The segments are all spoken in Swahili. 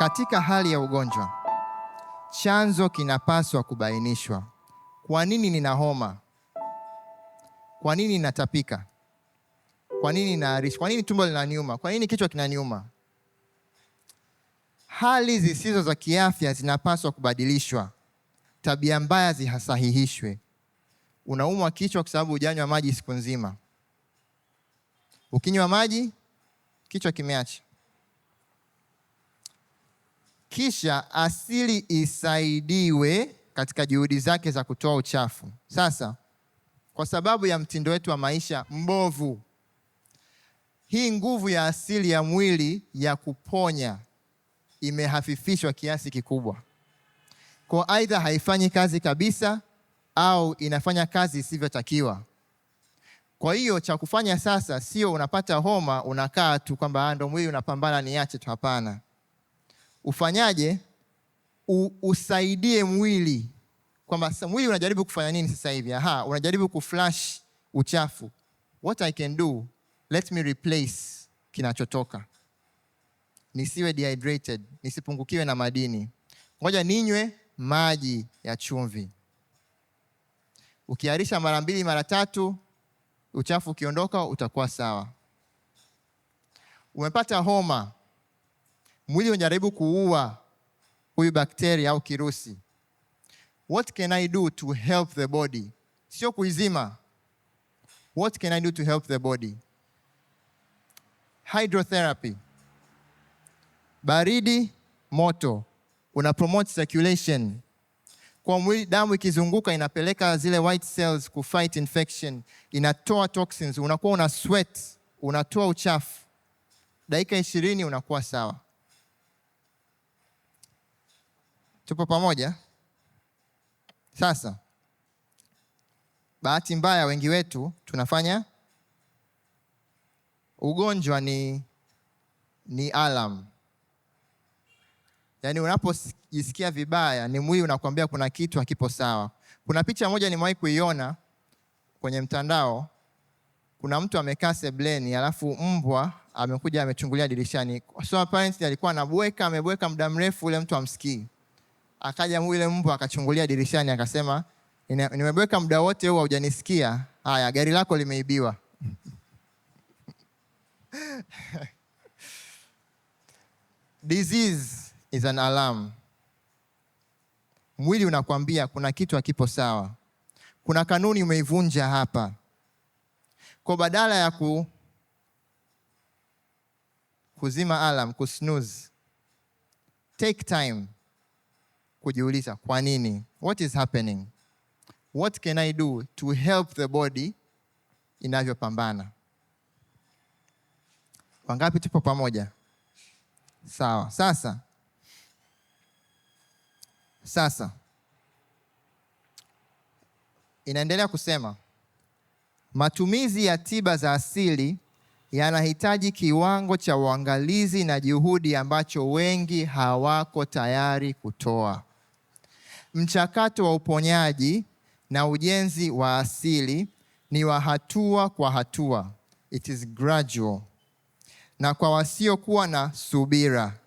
Katika hali ya ugonjwa, chanzo kinapaswa kubainishwa. Kwa nini nina homa? Kwa nini natapika? Kwa nini naarisha? Kwa nini tumbo linaniuma? Kwa nini kichwa kinaniuma? Hali zisizo za kiafya zinapaswa kubadilishwa, tabia mbaya zihasahihishwe Unaumwa kichwa kwa sababu hujanywa maji siku nzima. Ukinywa maji, kichwa kimeacha kisha asili isaidiwe katika juhudi zake za kutoa uchafu. Sasa kwa sababu ya mtindo wetu wa maisha mbovu, hii nguvu ya asili ya mwili ya kuponya imehafifishwa kiasi kikubwa, kwa aidha haifanyi kazi kabisa au inafanya kazi isivyotakiwa. Kwa hiyo cha kufanya sasa sio unapata homa unakaa tu kwamba ah, ndo mwili unapambana niache tu, hapana ufanyaje, U, usaidie mwili kwamba mwili unajaribu kufanya nini sasa hivi? Aha, unajaribu kuflash uchafu. What I can do, let me replace kinachotoka, nisiwe dehydrated, nisipungukiwe na madini. Ngoja ninywe maji ya chumvi. Ukiarisha mara mbili mara tatu, uchafu ukiondoka, utakuwa sawa. Umepata homa mwili unajaribu kuua huyu bakteria au kirusi. What can I do to help the body? Sio kuizima. What can I do to help the body? Hydrotherapy, baridi moto, una promote circulation kwa mwili. Damu ikizunguka inapeleka zile white cells ku fight infection, inatoa toxins, unakuwa una sweat, unatoa uchafu. Dakika ishirini unakuwa sawa. Tupo pamoja? Sasa bahati mbaya, wengi wetu tunafanya ugonjwa ni, ni alam, yaani unapojisikia vibaya ni mwili unakuambia kuna kitu hakipo sawa. Kuna picha moja nimewahi kuiona kwenye mtandao, kuna mtu amekaa sebleni, alafu mbwa amekuja amechungulia dirishani. So alikuwa anabweka, amebweka muda mrefu, ule mtu amsikii Akaja yule mbwa akachungulia dirishani akasema, nimebweka muda wote huu haujanisikia. Haya, gari lako limeibiwa. Disease is an alarm. Mwili unakwambia kuna kitu hakipo sawa, kuna kanuni umeivunja hapa. Kwa badala ya ku kuzima alarm, kusnooze, take time kujiuliza kwa nini, what is happening, what can I do to help the body inavyopambana. Wangapi tupo pamoja? Sawa. Sasa sasa inaendelea kusema matumizi ya tiba za asili yanahitaji kiwango cha uangalizi na juhudi ambacho wengi hawako tayari kutoa. Mchakato wa uponyaji na ujenzi wa asili ni wa hatua kwa hatua, it is gradual, na kwa wasiokuwa na subira.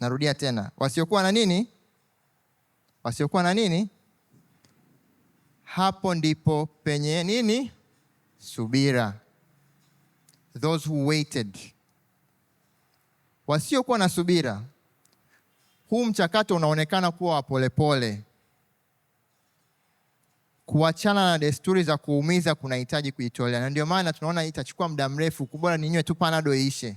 Narudia tena, wasiokuwa na nini? Wasiokuwa na nini? Hapo ndipo penye nini? Subira. Those who waited, wasiokuwa na subira huu mchakato unaonekana kuwa polepole. Kuachana na desturi za kuumiza kunahitaji kujitolea, na ndio maana tunaona itachukua muda mrefu. Kubora ninywe tu panado iishe,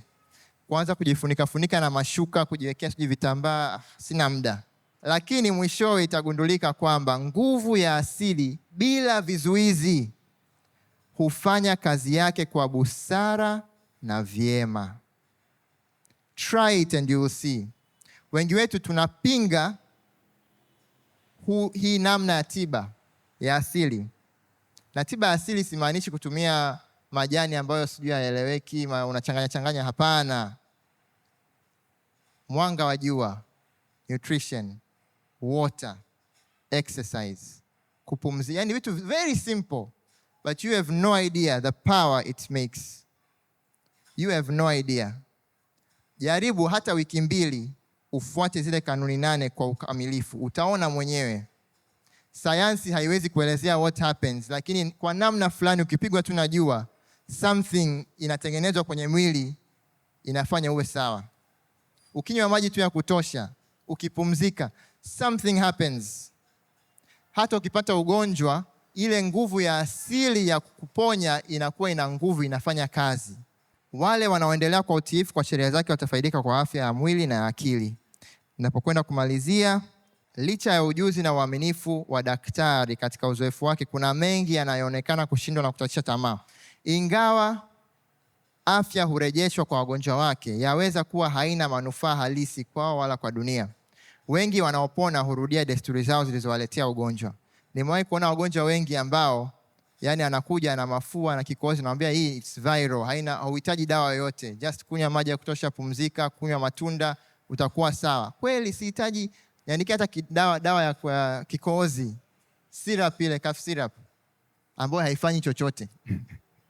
kuanza kujifunika funika na mashuka, kujiwekea sijui vitambaa, sina muda. Lakini mwishowe itagundulika kwamba nguvu ya asili bila vizuizi hufanya kazi yake kwa busara na vyema. Try it and you will see. Wengi wetu tunapinga hu, hii namna ya tiba ya asili, na tiba ya asili simaanishi kutumia majani ambayo sijui aeleweki unachanganya changanya. Hapana, mwanga wa jua, nutrition, water, exercise, kupumzika, yani vitu very simple but you have no idea the power it makes. You have no idea. Jaribu hata wiki mbili ufuate zile kanuni nane kwa ukamilifu. Utaona mwenyewe, sayansi haiwezi kuelezea what happens, lakini kwa namna fulani ukipigwa tu na jua something inatengenezwa kwenye mwili inafanya uwe sawa. Ukinywa maji tu ya kutosha, ukipumzika, something happens. Hata ukipata ugonjwa, ile nguvu ya asili ya kuponya inakuwa ina nguvu, inafanya kazi. Wale wanaoendelea kwa utiifu kwa sheria zake watafaidika kwa afya ya mwili na akili. Ninapokwenda kumalizia, licha ya ujuzi na uaminifu wa daktari katika uzoefu wake, kuna mengi yanayoonekana kushindwa na kutatisha tamaa. Ingawa afya hurejeshwa kwa wagonjwa wake, yaweza kuwa haina manufaa halisi kwao wala kwa dunia. Wengi wanaopona hurudia desturi zao zilizowaletea ugonjwa. Nimewahi kuona wagonjwa wengi ambao yani anakuja na mafua na kikozi, namwambia hii it's viral, haina hauhitaji dawa yoyote, just kunywa maji ya kutosha, pumzika, kunywa matunda utakuwa sawa. Kweli sihitaji niandike hata dawa, dawa ya kwa kikozi syrup ile cough syrup ambayo haifanyi chochote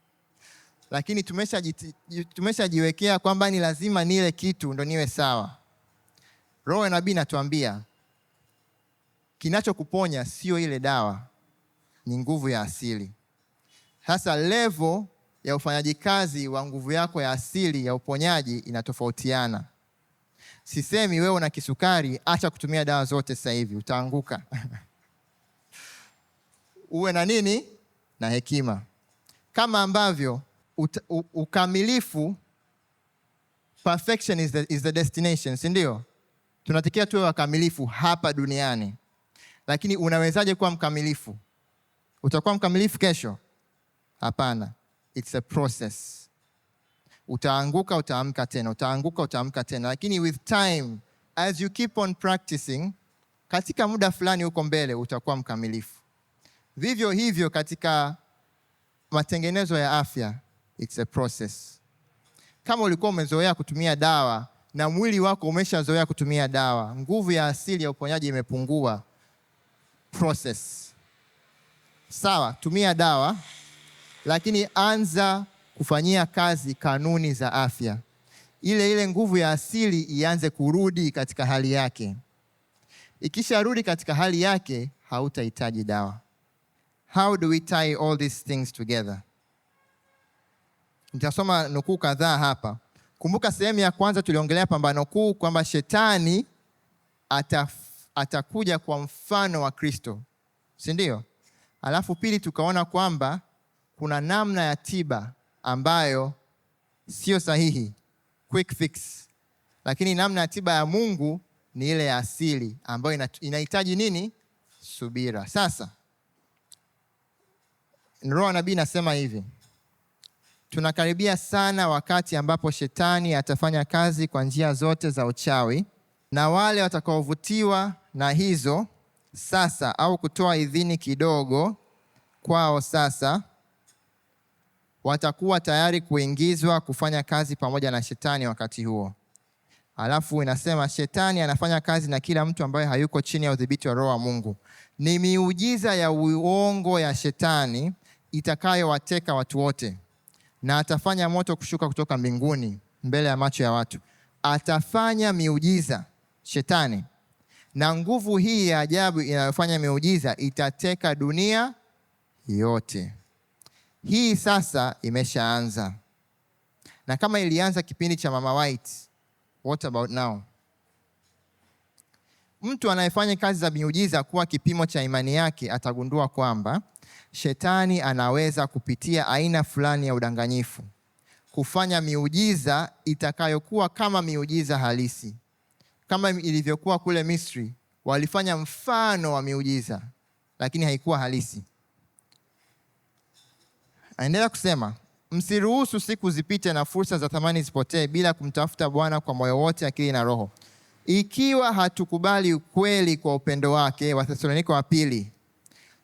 lakini tumeshajiwekea tumesha kwamba ni lazima nile kitu ndo niwe sawa. Roho ya nabii inatuambia kinachokuponya sio ile dawa, ni nguvu ya asili. Sasa levo ya ufanyaji kazi wa nguvu yako ya asili ya uponyaji inatofautiana. Sisemi wewe una kisukari, acha kutumia dawa zote sasa hivi, utaanguka. Uwe na nini? Na hekima, kama ambavyo uta, u, ukamilifu perfection is the, is the destination, si ndio? tuwe wakamilifu hapa duniani, lakini unawezaje kuwa mkamilifu? Utakuwa mkamilifu kesho? Hapana, it's a process. Utaanguka, utaamka tena, utaanguka, utaamka tena, lakini with time as you keep on practicing, katika muda fulani huko mbele utakuwa mkamilifu. Vivyo hivyo katika matengenezo ya afya, it's a process. Kama ulikuwa umezoea kutumia dawa na mwili wako umeshazoea kutumia dawa, nguvu ya asili ya uponyaji imepungua. Process sawa, tumia dawa, lakini anza kufanyia kazi kanuni za afya, ile ile nguvu ya asili ianze kurudi katika hali yake. Ikisharudi katika hali yake, hautahitaji dawa. How do we tie all these things together? Nitasoma nukuu kadhaa hapa. Kumbuka sehemu ya kwanza tuliongelea pambano kuu, kwamba shetani ataf, atakuja kwa mfano wa Kristo, si ndio? Alafu pili tukaona kwamba kuna namna ya tiba ambayo sio sahihi, quick fix, lakini namna ya tiba ya Mungu ni ile ya asili ambayo inahitaji nini? Subira. Sasa nroa nabii nasema hivi, tunakaribia sana wakati ambapo shetani atafanya kazi kwa njia zote za uchawi, na wale watakaovutiwa na hizo sasa au kutoa idhini kidogo kwao sasa watakuwa tayari kuingizwa kufanya kazi pamoja na shetani wakati huo. Alafu inasema shetani anafanya kazi na kila mtu ambaye hayuko chini ya udhibiti wa Roho wa Mungu. Ni miujiza ya uongo ya shetani itakayowateka watu wote, na atafanya moto kushuka kutoka mbinguni mbele ya macho ya watu. Atafanya miujiza shetani, na nguvu hii ya ajabu inayofanya miujiza itateka dunia yote hii sasa imeshaanza, na kama ilianza kipindi cha Mama White, what about now? Mtu anayefanya kazi za miujiza kuwa kipimo cha imani yake atagundua kwamba shetani anaweza kupitia aina fulani ya udanganyifu kufanya miujiza itakayokuwa kama miujiza halisi, kama ilivyokuwa kule Misri. Walifanya mfano wa miujiza, lakini haikuwa halisi. Anaendelea kusema, msiruhusu siku zipite na fursa za thamani zipotee bila kumtafuta Bwana kwa moyo wote, akili na roho. Ikiwa hatukubali ukweli kwa upendo wake, Wathesalonika wa pili,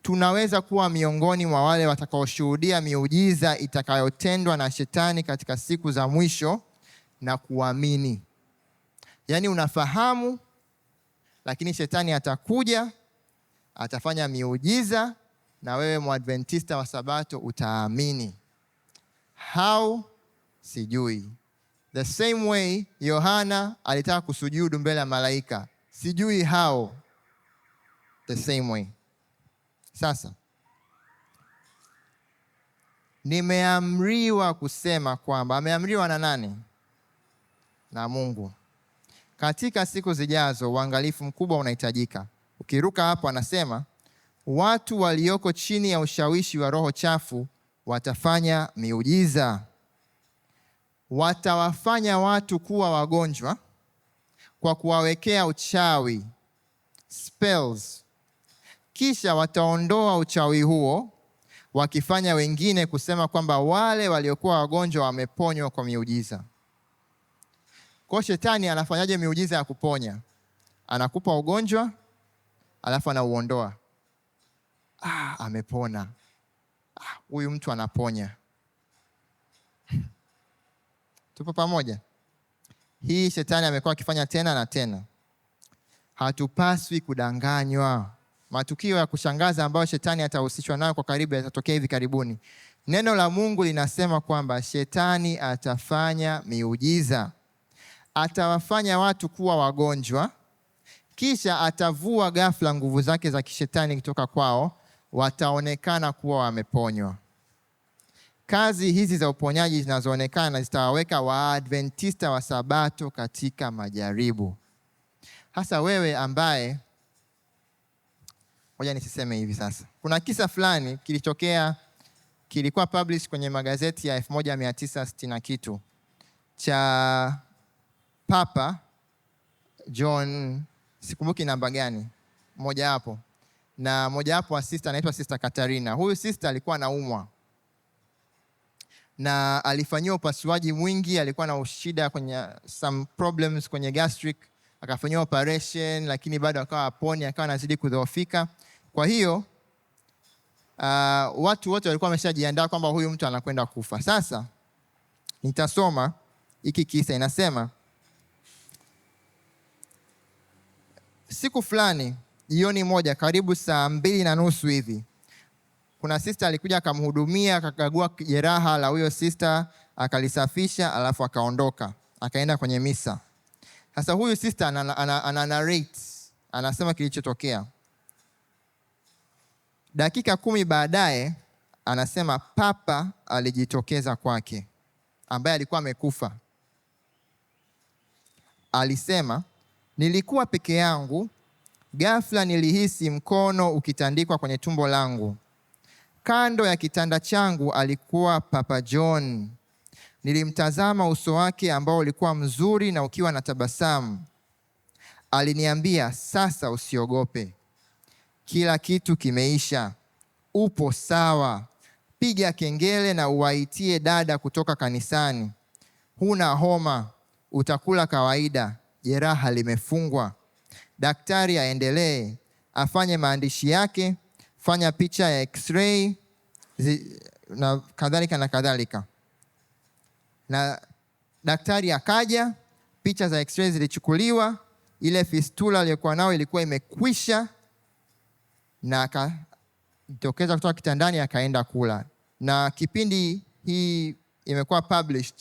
tunaweza kuwa miongoni mwa wale watakaoshuhudia miujiza itakayotendwa na Shetani katika siku za mwisho na kuamini. Yaani unafahamu, lakini Shetani atakuja atafanya miujiza na wewe mwadventista wa Sabato utaamini. How? Sijui. The same way Yohana alitaka kusujudu mbele ya malaika, sijui how. The same way. Sasa nimeamriwa kusema kwamba, ameamriwa na nani? Na Mungu. Katika siku zijazo uangalifu mkubwa unahitajika. Ukiruka hapo, anasema watu walioko chini ya ushawishi wa roho chafu watafanya miujiza. Watawafanya watu kuwa wagonjwa kwa kuwawekea uchawi spells, kisha wataondoa uchawi huo wakifanya wengine kusema kwamba wale waliokuwa wagonjwa wameponywa kwa miujiza. Kwa shetani anafanyaje miujiza ya kuponya? Anakupa ugonjwa alafu anauondoa ah, amepona ah, huyu ah, mtu anaponya. Tupo pamoja? Hii shetani amekuwa akifanya tena na tena. Hatupaswi kudanganywa. Matukio ya kushangaza ambayo shetani atahusishwa nayo kwa karibu yatatokea hivi karibuni. Neno la Mungu linasema kwamba shetani atafanya miujiza, atawafanya watu kuwa wagonjwa, kisha atavua ghafla nguvu zake za kishetani kutoka kwao wataonekana kuwa wameponywa. Kazi hizi za uponyaji zinazoonekana zitawaweka Waadventista wa Sabato katika majaribu, hasa wewe ambaye, ngoja nisiseme hivi sasa. Kuna kisa fulani kilitokea, kilikuwa publish kwenye magazeti ya 1960 na kitu cha Papa John, sikumbuki namba gani, mmoja hapo na mojawapo wa sister anaitwa Sister Katarina. Huyu sister alikuwa anaumwa na alifanyiwa upasuaji mwingi, alikuwa na ushida kwenye some problems kwenye gastric, akafanyiwa operation lakini bado akawa aponi, akawa anazidi kudhoofika. Kwa hiyo uh, watu wote walikuwa wameshajiandaa kwamba huyu mtu anakwenda kufa. Sasa nitasoma hiki kisa, inasema siku fulani jioni moja karibu saa mbili na nusu hivi, kuna sister alikuja akamhudumia, akakagua jeraha la huyo sister akalisafisha, alafu akaondoka akaenda kwenye misa. Sasa huyu sister ana, anasema kilichotokea. Dakika kumi baadaye anasema papa alijitokeza kwake, ambaye alikuwa amekufa. Alisema nilikuwa peke yangu Ghafla nilihisi mkono ukitandikwa kwenye tumbo langu. Kando ya kitanda changu alikuwa Papa John. Nilimtazama uso wake ambao ulikuwa mzuri na ukiwa na tabasamu. Aliniambia, sasa usiogope, kila kitu kimeisha, upo sawa. Piga kengele na uwaitie dada kutoka kanisani. Huna homa, utakula kawaida, jeraha limefungwa daktari aendelee, afanye maandishi yake, fanya picha ya x-ray na kadhalika na kadhalika. Na daktari akaja, picha za x-ray zilichukuliwa, ile fistula aliyokuwa nayo ilikuwa imekwisha, na akajitokeza kutoka kitandani akaenda kula. Na kipindi hii imekuwa published,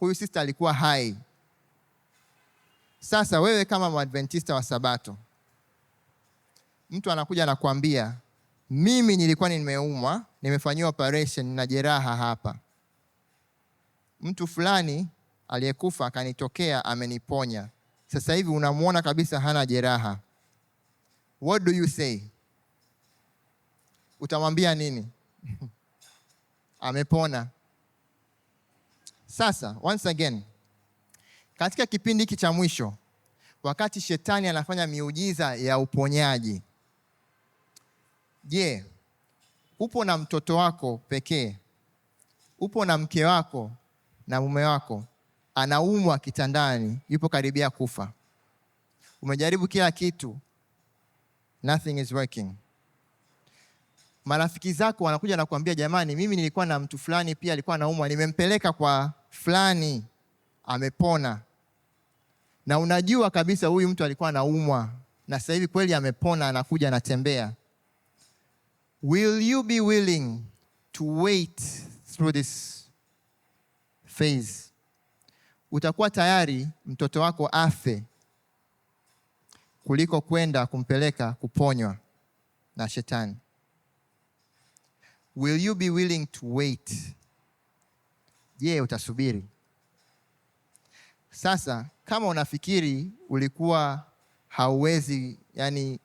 huyu sister alikuwa hai. Sasa wewe kama mwadventista wa Sabato, mtu anakuja anakuambia, mimi nilikuwa nimeumwa, nimefanyiwa operation na jeraha hapa, mtu fulani aliyekufa akanitokea, ameniponya, sasa hivi unamwona kabisa hana jeraha. What do you say? Utamwambia nini? Amepona. Sasa once again katika kipindi hiki cha mwisho, wakati shetani anafanya miujiza ya uponyaji, je, upo na mtoto wako pekee? Upo na mke wako na mume wako, anaumwa kitandani, yupo karibia kufa. Umejaribu kila kitu, nothing is working. Marafiki zako wanakuja na kuambia, jamani, mimi nilikuwa na mtu fulani pia alikuwa anaumwa, nimempeleka kwa fulani amepona, na unajua kabisa huyu mtu alikuwa anaumwa na sasa hivi kweli amepona, anakuja anatembea. Will you be willing to wait through this phase? Utakuwa tayari mtoto wako afe kuliko kwenda kumpeleka kuponywa na shetani? Will you be willing to wait? Je, yeah, utasubiri? Sasa kama unafikiri ulikuwa hauwezi, yani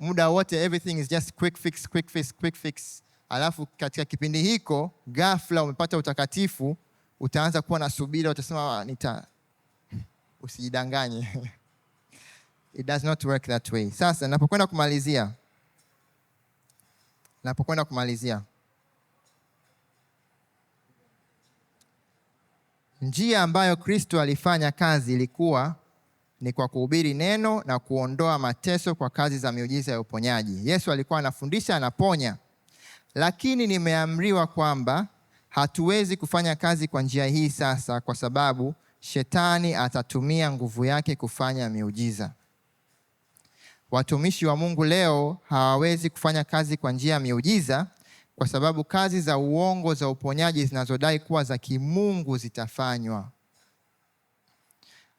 muda wote everything is just quick fix, quick fix, quick fix, alafu katika kipindi hiko ghafla umepata utakatifu, utaanza kuwa na subira, utasema ah, nita. Usijidanganye, it does not work that way. Sasa napokwenda kumalizia, napokwenda kumalizia Njia ambayo Kristo alifanya kazi ilikuwa ni kwa kuhubiri neno na kuondoa mateso kwa kazi za miujiza ya uponyaji. Yesu alikuwa anafundisha, anaponya, lakini nimeamriwa kwamba hatuwezi kufanya kazi kwa njia hii sasa, kwa sababu shetani atatumia nguvu yake kufanya miujiza. Watumishi wa Mungu leo hawawezi kufanya kazi kwa njia ya miujiza kwa sababu kazi za uongo za uponyaji zinazodai kuwa za kimungu zitafanywa.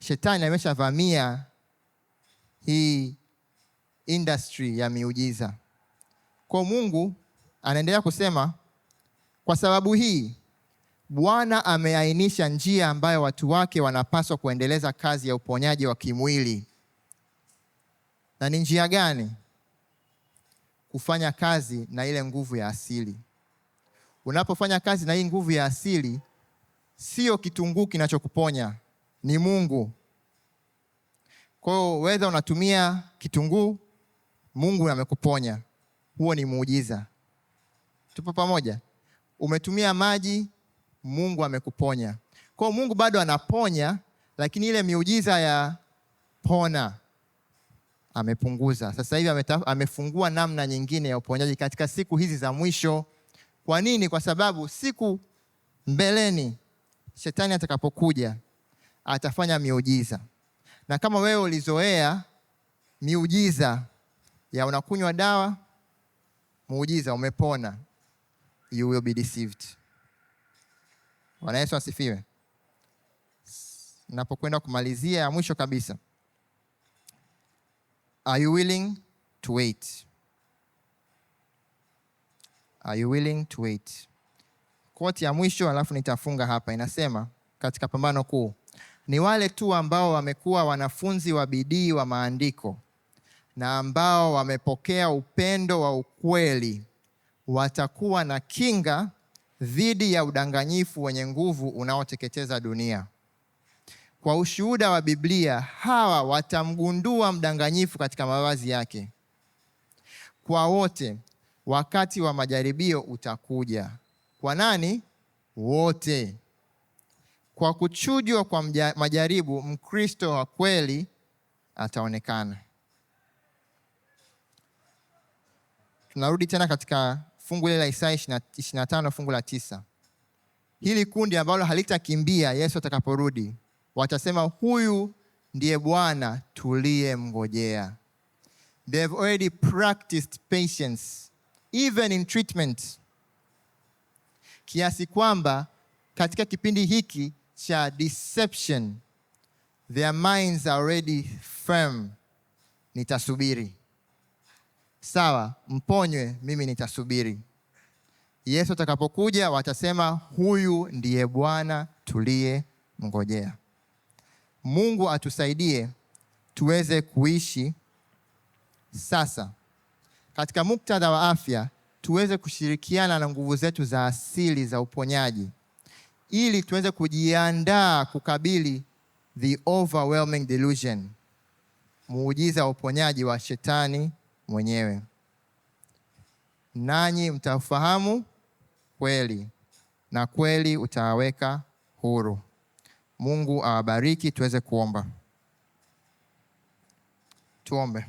Shetani ameshavamia hii industry ya miujiza. Kwa Mungu anaendelea kusema, kwa sababu hii Bwana ameainisha njia ambayo watu wake wanapaswa kuendeleza kazi ya uponyaji wa kimwili. Na ni njia gani? kufanya kazi na ile nguvu ya asili. Unapofanya kazi na hii nguvu ya asili, sio kitunguu kinachokuponya, ni Mungu. Kwa hiyo wedha unatumia kitunguu, Mungu amekuponya, huo ni muujiza. Tupo pamoja? Umetumia maji, Mungu amekuponya. Kwa hiyo Mungu bado anaponya, lakini ile miujiza ya pona amepunguza. Sasa hivi amefungua namna nyingine ya uponyaji katika siku hizi za mwisho. Kwa nini? Kwa sababu siku mbeleni shetani atakapokuja atafanya miujiza, na kama wewe ulizoea miujiza ya unakunywa dawa, muujiza umepona, you will be deceived. Bwana Yesu asifiwe. Napokwenda kumalizia ya mwisho kabisa Are you willing to wait? Are you willing to wait? Koti ya mwisho alafu nitafunga hapa, inasema katika Pambano Kuu, ni wale tu ambao wamekuwa wanafunzi wa bidii wa maandiko na ambao wamepokea upendo wa ukweli watakuwa na kinga dhidi ya udanganyifu wenye nguvu unaoteketeza dunia. Kwa ushuhuda wa Biblia hawa watamgundua mdanganyifu katika mavazi yake. Kwa wote wakati wa majaribio utakuja. Kwa nani? Wote. Kwa kuchujwa kwa mja, majaribu, Mkristo wa kweli ataonekana. Tunarudi tena katika fungu lile la Isaya 25 fungu la tisa, hili kundi ambalo halitakimbia Yesu atakaporudi watasema huyu ndiye Bwana tuliyemngojea. They have already practiced patience even in treatment, kiasi kwamba katika kipindi hiki cha deception their minds are already firm. Nitasubiri, sawa, mponywe, mimi nitasubiri. Yesu atakapokuja watasema, huyu ndiye Bwana tuliye mngojea Mungu atusaidie tuweze kuishi sasa katika muktadha wa afya, tuweze kushirikiana na nguvu zetu za asili za uponyaji ili tuweze kujiandaa kukabili the overwhelming delusion, muujiza wa uponyaji wa shetani mwenyewe. Nanyi mtafahamu kweli na kweli utawaweka huru. Mungu awabariki. Tuweze kuomba. Tuombe.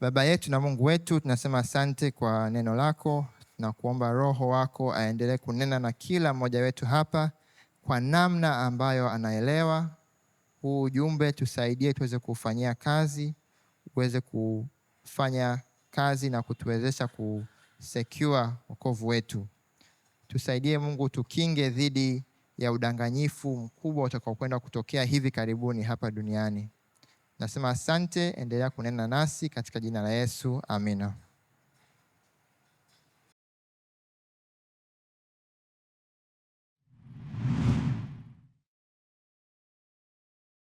Baba yetu na Mungu wetu, tunasema asante kwa neno lako na kuomba Roho wako aendelee kunena na kila mmoja wetu hapa kwa namna ambayo anaelewa huu ujumbe. Tusaidie tuweze kufanyia kazi, uweze kufanya kazi na kutuwezesha kusecure wokovu wetu. Tusaidie Mungu, tukinge dhidi ya udanganyifu mkubwa utakaokwenda kutokea hivi karibuni hapa duniani. Nasema asante, endelea kunena nasi katika jina la Yesu. Amina.